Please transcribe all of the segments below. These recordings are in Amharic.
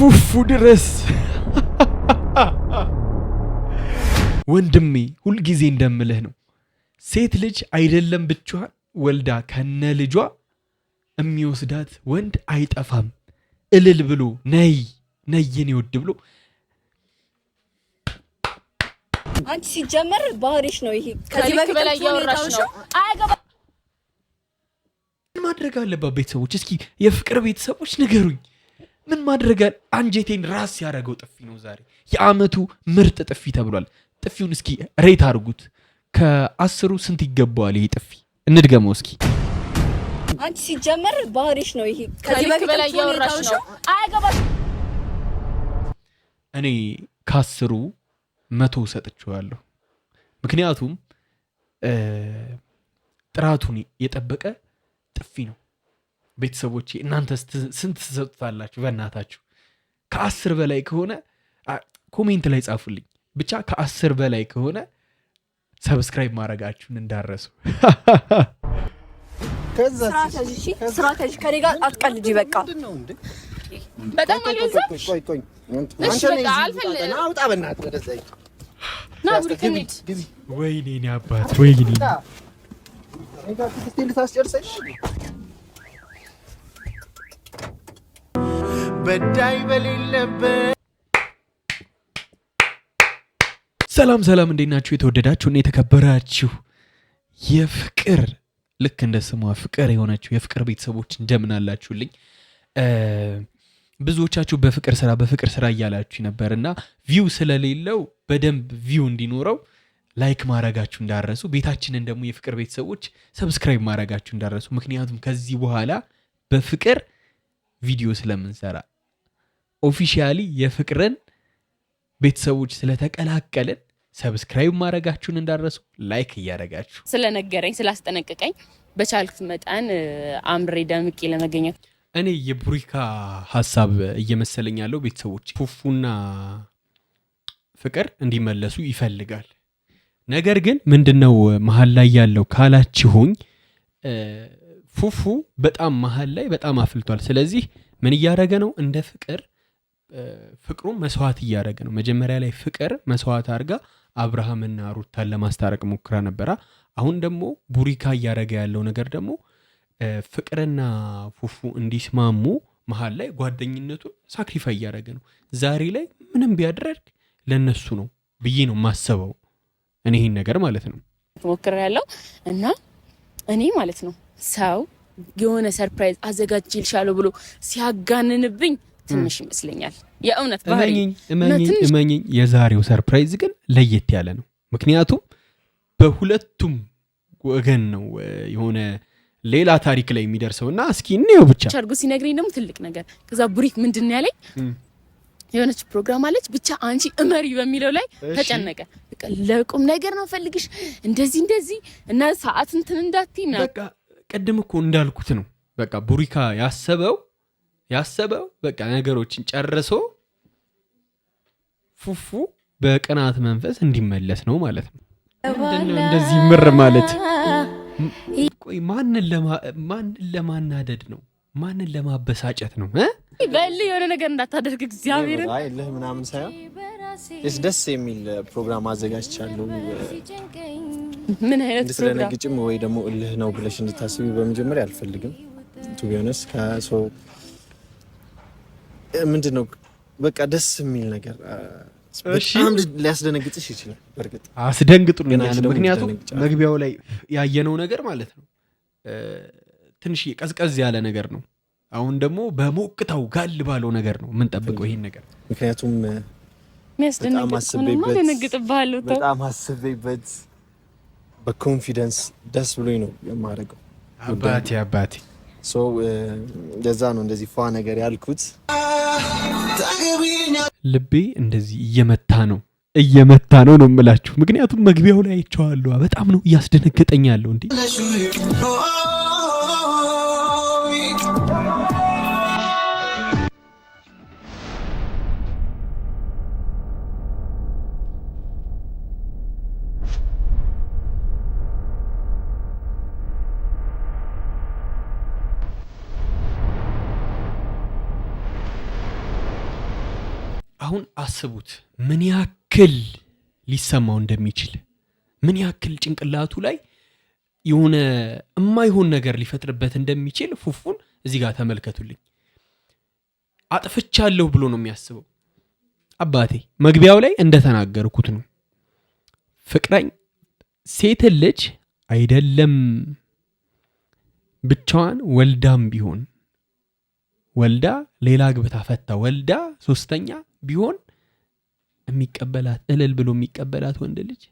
ፉፉ ድረስ ወንድሜ ሁልጊዜ እንደምልህ ነው። ሴት ልጅ አይደለም ብቻዋን ወልዳ ከነ ልጇ የሚወስዳት ወንድ አይጠፋም። እልል ብሎ ነይ ነይን ይወድ ብሎ አንቺ ሲጀመር ባህሪሽ ነው ይሄ። ከዚህ በፊት በላይ ያወራሽ ነው። አያገባ ማድረግ አለባት ቤተሰቦች። እስኪ የፍቅር ቤተሰቦች ንገሩኝ። ምን ማድረግ አንጀቴን ራስ ያደረገው ጥፊ ነው ዛሬ። የአመቱ ምርጥ ጥፊ ተብሏል። ጥፊውን እስኪ ሬት አድርጉት። ከአስሩ ስንት ይገባዋል ይሄ ጥፊ? እንድገመው እስኪ አንቺ ሲጀመር ባህሪሽ ነው ይሄ። ከዚህ በላይ ያወራሽ ነው አያገባሽ። እኔ ከአስሩ መቶ ሰጥችዋለሁ? ምክንያቱም ጥራቱን የጠበቀ ጥፊ ነው። ቤተሰቦች እናንተ ስንት ትሰጡታላችሁ? በእናታችሁ ከአስር በላይ ከሆነ ኮሜንት ላይ ጻፉልኝ። ብቻ ከአስር በላይ ከሆነ ሰብስክራይብ ማድረጋችሁን እንዳረሱ። ስራ በቃ ወይኔ አባት ወይኔ በዳይ በሌለበት ሰላም ሰላም፣ እንዴት ናችሁ? የተወደዳችሁና የተከበራችሁ የፍቅር ልክ እንደ ስሟ ፍቅር የሆነችው የፍቅር ቤተሰቦች እንደምን አላችሁልኝ? ብዙዎቻችሁ በፍቅር ስራ በፍቅር ስራ እያላችሁ ነበር እና ቪው ስለሌለው በደንብ ቪው እንዲኖረው ላይክ ማድረጋችሁ እንዳረሱ፣ ቤታችንን ደግሞ የፍቅር ቤተሰቦች ሰብስክራይብ ማድረጋችሁ እንዳረሱ። ምክንያቱም ከዚህ በኋላ በፍቅር ቪዲዮ ስለምንሰራ ኦፊሻሊ የፍቅርን ቤተሰቦች ስለተቀላቀልን ሰብስክራይብ ማድረጋችሁን እንዳረሱ ላይክ እያደረጋችሁ ስለነገረኝ ስላስጠነቀቀኝ በቻልኩት መጠን አምሬ ደምቄ ለመገኘት እኔ የቡሪካ ሀሳብ እየመሰለኝ ያለው ቤተሰቦች ፉፉና ፍቅር እንዲመለሱ ይፈልጋል። ነገር ግን ምንድነው መሀል ላይ ያለው ካላችሁኝ፣ ፉፉ በጣም መሀል ላይ በጣም አፍልቷል። ስለዚህ ምን እያደረገ ነው? እንደ ፍቅር ፍቅሩን መስዋዕት እያደረገ ነው። መጀመሪያ ላይ ፍቅር መስዋዕት አድርጋ አብርሃምና ሩታን ለማስታረቅ ሞክራ ነበራ። አሁን ደግሞ ቡሪካ እያደረገ ያለው ነገር ደግሞ ፍቅርና ፉፉ እንዲስማሙ መሀል ላይ ጓደኝነቱን ሳክሪፋይ እያደረገ ነው። ዛሬ ላይ ምንም ቢያደረግ ለእነሱ ነው ብዬ ነው የማስበው እኔህን ነገር ማለት ነው ሞክር ያለው እና እኔ ማለት ነው ሰው የሆነ ሰርፕራይዝ ይልሻለሁ ብሎ ሲያጋንንብኝ ትንሽ ይመስለኛል። የእውነት እመኝኝ። የዛሬው ሰርፕራይዝ ግን ለየት ያለ ነው። ምክንያቱም በሁለቱም ወገን ነው የሆነ ሌላ ታሪክ ላይ የሚደርሰው እና እስኪ እንየው ብቻ አድርጎ ሲነግረኝ ደግሞ ትልቅ ነገር ከዛ ቡሪክ ምንድን ያለኝ የሆነች ፕሮግራም አለች ብቻ አንቺ እመሪ በሚለው ላይ ተጨነቀ። ለቁም ነገር ነው ፈልግሽ እንደዚህ እንደዚህ እና ሰዓት እንትን እንዳትይ። በቃ ቅድም እኮ እንዳልኩት ነው። በቃ ቡሪካ ያሰበው ያሰበው በቃ ነገሮችን ጨርሶ ፉፉ በቅናት መንፈስ እንዲመለስ ነው ማለት ነው። እንደዚህ ምር ማለት ቆይ ማንን ለማናደድ ነው? ማንን ለማበሳጨት ነው? በል የሆነ ነገር እንዳታደርግ እግዚአብሔር ልህ ምናምን ሳይሆን ደስ የሚል ፕሮግራም አዘጋጅቻለሁ። ምን አይነት እንድትደነግጭም ወይ ደግሞ እልህ ነው ብለሽ እንድታስቢ በመጀመሪያ አልፈልግም። ቱ ቢሆነስ ከሰው ምንድን ነው በቃ ደስ የሚል ነገር በጣም ሊያስደነግጥሽ ይችላል። በእርግጥ አስደንግጡልኛል። ምክንያቱም መግቢያው ላይ ያየነው ነገር ማለት ነው ትንሽ ቀዝቀዝ ያለ ነገር ነው። አሁን ደግሞ በሞቅታው ጋል ባለው ነገር ነው የምንጠብቀው ይህን ነገር ምክንያቱም በጣም አስቤበት በኮንፊደንስ ደስ ብሎኝ ነው የማደርገው። አባቴ አባቴ ለዛ ነው እንደዚህ ፏ ነገር ያልኩት። ልቤ እንደዚህ እየመታ ነው እየመታ ነው ነው የምላችሁ። ምክንያቱም መግቢያው ላይ አይቼዋለሁ። በጣም ነው እያስደነገጠኝ ያለው እንዴ አሁን አስቡት ምን ያክል ሊሰማው እንደሚችል ምን ያክል ጭንቅላቱ ላይ የሆነ የማይሆን ነገር ሊፈጥርበት እንደሚችል ፉፉን እዚህ ጋር ተመልከቱልኝ። አጥፍቻለሁ ብሎ ነው የሚያስበው። አባቴ መግቢያው ላይ እንደተናገርኩት ነው ፍቅረኝ ሴትን ልጅ አይደለም ብቻዋን ወልዳም ቢሆን ወልዳ ሌላ ግብታ ፈታ ወልዳ ሶስተኛ ቢሆን የሚቀበላት እልል ብሎ የሚቀበላት ወንድ ልጅ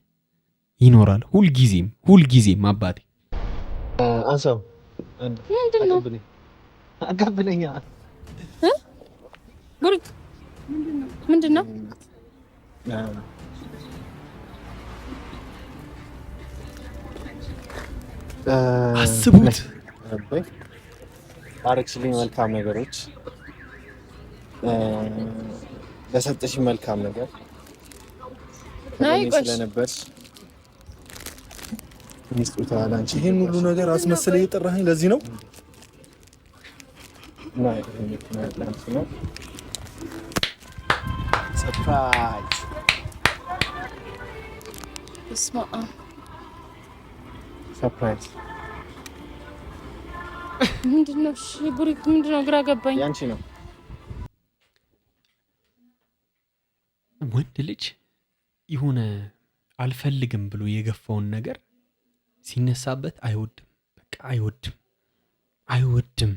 ይኖራል። ሁልጊዜም ሁልጊዜም አባቴ አሰብ ምንድን ምንድን ነው አስቡት። ባረክሽልኝ መልካም ነገሮች ለሰጠሽ መልካም ነገር ስለነበርሽ ሚስጡታ ላንቺ ይህን ሁሉ ነገር አስመስለ የጠራኸኝ ለዚህ ነው። ሰፕራይዝ ምንድን ነው? ሽጉሪት ምንድን ነው? ግራ ገባኝ። ያንቺ ነው ወንድ ልጅ የሆነ አልፈልግም ብሎ የገፋውን ነገር ሲነሳበት አይወድም። በቃ አይወድም አይወድም።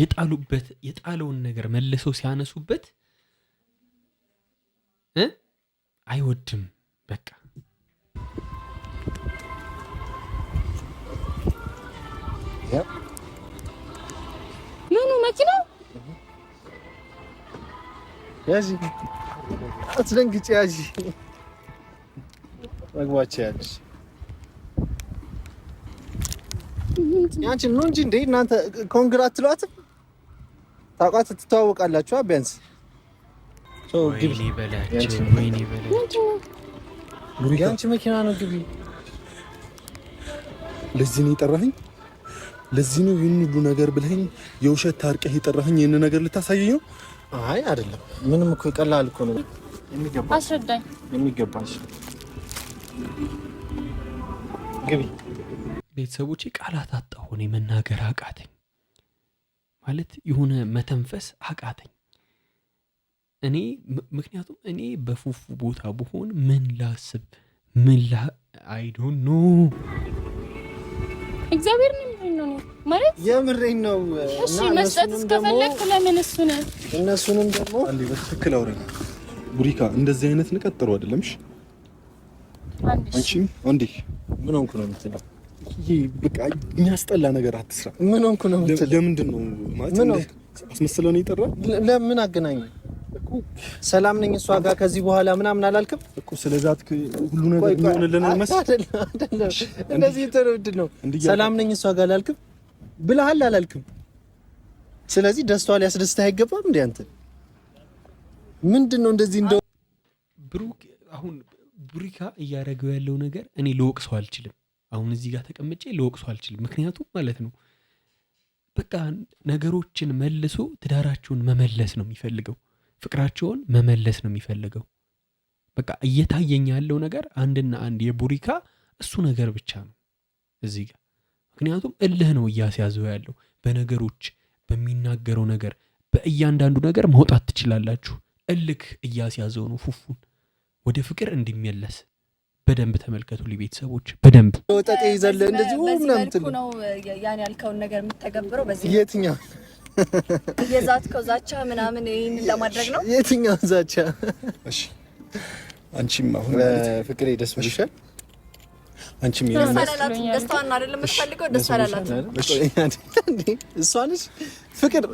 የጣሉበት የጣለውን ነገር መልሰው ሲያነሱበት አይወድም በቃ ምኑ መኪናው ያዚ አትደንግጭ። ያዚ መግባች ያለሽ ያንቺ ነው እንጂ እንዴ እናንተ ኮንግራት ትሏትም ታውቋት ትተዋወቃላችሁ። ቢያንስ ያንቺ መኪና ነው ግቢ። ለዚህ ነው የጠራኸኝ? ለዚህ ነው ይህን ሁሉ ነገር ብለኸኝ የውሸት ታርቀህ የጠራኸኝ? ይህን ነገር ልታሳየኝ ነው? አይ አይደለም፣ ምንም እኮ ቀላል እኮ ነው። የሚገባ አስረዳኝ። የሚገባሽ ግቢ። ቤተሰቦቼ ቃላት አጣሁ። እኔ መናገር አቃተኝ፣ ማለት የሆነ መተንፈስ አቃተኝ። እኔ ምክንያቱም እኔ በፉፉ ቦታ ብሆን ምን ላስብ ምን ላ አይ ዶንት ኖ እግዚአብሔር ነው ማለት ነው። እሺ መስጠት እነሱንም ደግሞ አንዴ በትክክል ቡሪካ። እንደዚህ አይነት ንቀት ጥሩ አይደለም። እሺ አንቺም አንዴ ምን ሆንኩ ነው የምትለው? ይሄ በቃ የሚያስጠላ ነገር አትስራ። ምን ሆንኩ ነው የምትለው? ለምንድን ነው ማለት ነው የጠራ ለምን አገናኘን ሰላም ነኝ እሷ ጋር ከዚህ በኋላ ምናምን አላልክም እኮ ስለዛት ሁሉ ነገር የሚሆንልን መሰለህ። እንደዚህ ምንድን ነው ሰላም ነኝ እሷ ጋር አላልክም ብለሃል አላልክም። ስለዚህ ደስታዋ ሊያስደስትህ አይገባም። እንዴ አንተ ምንድን ነው እንደዚህ እንደው ብሩክ አሁን ቡሪካ እያደረገው ያለው ነገር እኔ ልወቅሰው አልችልም። አሁን እዚህ ጋር ተቀምጬ ልወቅሰው አልችልም። ምክንያቱም ማለት ነው በቃ ነገሮችን መልሶ ትዳራቸውን መመለስ ነው የሚፈልገው። ፍቅራቸውን መመለስ ነው የሚፈልገው። በቃ እየታየኝ ያለው ነገር አንድና አንድ የቡሪካ እሱ ነገር ብቻ ነው እዚህ ጋር። ምክንያቱም እልህ ነው እያስያዘው ያለው በነገሮች በሚናገረው ነገር በእያንዳንዱ ነገር መውጣት ትችላላችሁ። እልክ እያስያዘው ነው ፉፉን ወደ ፍቅር እንዲመለስ በደንብ ተመልከቱ ቤተሰቦች፣ በደንብ ወጣት ይዘለ እንደዚህ ነው ያን ያልከውን ነገር የምተገብረው በዚህ የትኛው የዛትከው ዛቻ ምናምን ለማድረግ ነው። የትኛው ዛቻ? እሺ አንቺም አሁን ፍቅሬ ደስ ብሎሻል። አንቺም ይሄን ደስታዋን የምትፈልገው፣ ደስታ አላላት። እሷ ነች ፍቅር።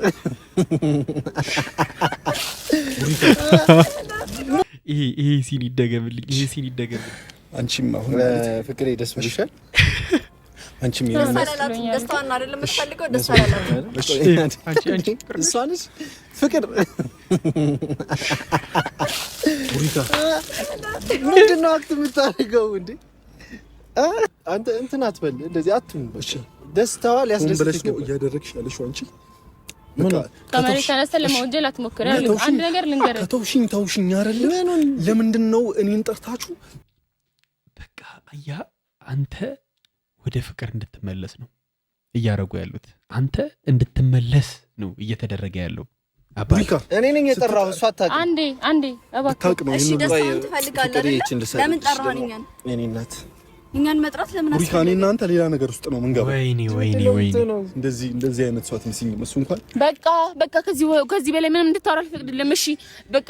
ይሄ ይሄ ሲን ይደገምልኝ፣ ይሄ ሲን ይደገምልኝ። አንቺም አሁን ፍቅሬ ደስ ብሎሻል አንቺ ምን ደስታዋን አይደለም የምትፈልገው? ደስታ ያላት ፍቅር ምንድን ነው አክት የምታደርገው እንዴ? አንተ እንትን አትበል እንደዚህ አትም። ደስታዋ ሊያስደስት ነው እያደረግሽ ያለሽው አንቺ። አንድ ነገር ተውሽኝ ተውሽኝ አይደለ? ለምንድን ነው እኔን ጠርታችሁ በቃ አያ አንተ ወደ ፍቅር እንድትመለስ ነው እያደረጉ ያሉት። አንተ እንድትመለስ ነው እየተደረገ ያለው። እኔ ነኝ እሷ አታውቅም። እኛን መጥራት ለምን እኔ እናንተ ሌላ ነገር ውስጥ ነው ወይኔ ወይኔ ወይኔ፣ እንደዚህ እንደዚህ አይነት እንኳን በቃ በቃ፣ ከዚህ ከዚህ በላይ ምንም እንድታወራ አልፈቅድልም። እሺ በቃ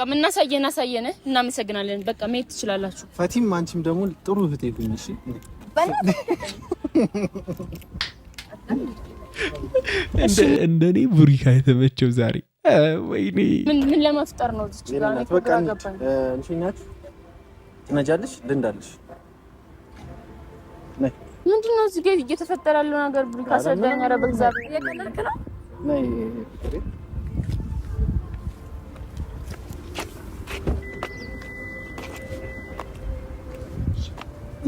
አሳየን። እናመሰግናለን። በቃ መሄድ ትችላላችሁ። ፈቲም አንቺም ደግሞ ጥሩ እህቴ እሺ እንደ እኔ ቡሪካ የተመቸው ዛሬ ወይኔ ምን ለመፍጠር ነው? ትነጃለሽ፣ ልንዳለሽ ምንድን ነው እዚህ ጋ እየተፈጠረ ነገር? ቡሪካ ሰዳኝ። ኧረ በእግዚአብሔር ነው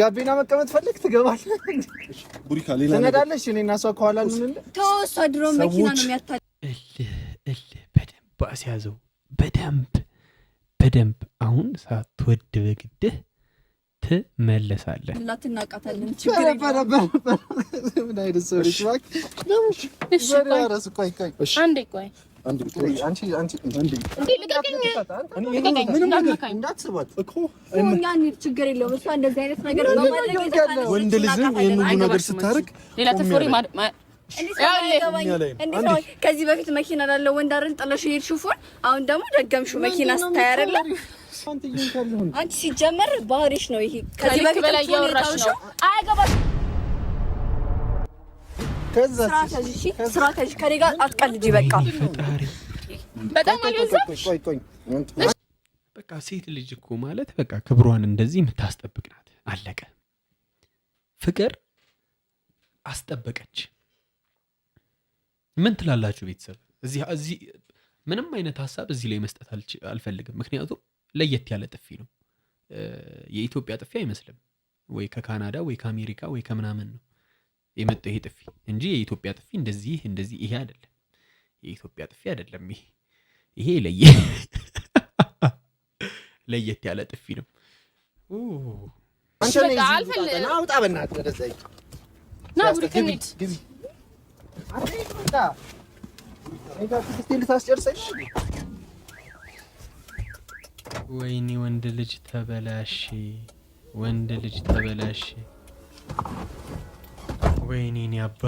ጋቢና መቀመጥ ፈልግ ትገባለህ፣ ትነዳለሽ። እኔ እና እሷ ከኋላ እሷ ድሮ መኪና ነው የሚያታ እልህ እልህ በደንብ አስያዘው፣ በደንብ በደንብ አሁን ሳትወድ በግድህ ትመለሳለህ። እናትናቃታለን ችግር ነበረ። ችግር የለውም። ወንድ ልጅም ይህን ሁሉ ነገር ስታደርግ ከዚህ በፊት መኪና ላለው ወንድ አይደል ጥለሽው የሄድሽው ፎን፣ አሁን ደግሞ ደገምሽው መኪና ስታይ አይደለ? አንቺ ሲጀመር ባህሪሽ ነው ይሄ። ከዚህ በፊት ላይ እያወራሽ ነው። አያገባሽም ስራ በቃ ሴት ልጅ እኮ ማለት በቃ ክብሯን እንደዚህ የምታስጠብቅ ናት። አለቀ። ፍቅር አስጠበቀች። ምን ትላላችሁ ቤተሰብ? እዚህ እዚህ ምንም አይነት ሀሳብ እዚህ ላይ መስጠት አልፈልግም፣ ምክንያቱም ለየት ያለ ጥፊ ነው። የኢትዮጵያ ጥፊ አይመስልም። ወይ ከካናዳ ወይ ከአሜሪካ ወይ ከምናምን ነው። የመጣው ይሄ ጥፊ እንጂ የኢትዮጵያ ጥፊ እንደዚህ እንደዚህ ይሄ አይደለም። የኢትዮጵያ ጥፊ አይደለም። ይሄ ይሄ ለየ ለየት ያለ ጥፊ ነው። ወይኔ ወንድ ልጅ ተበላሽ፣ ወንድ ልጅ ተበላሽ። ወይኔ አባ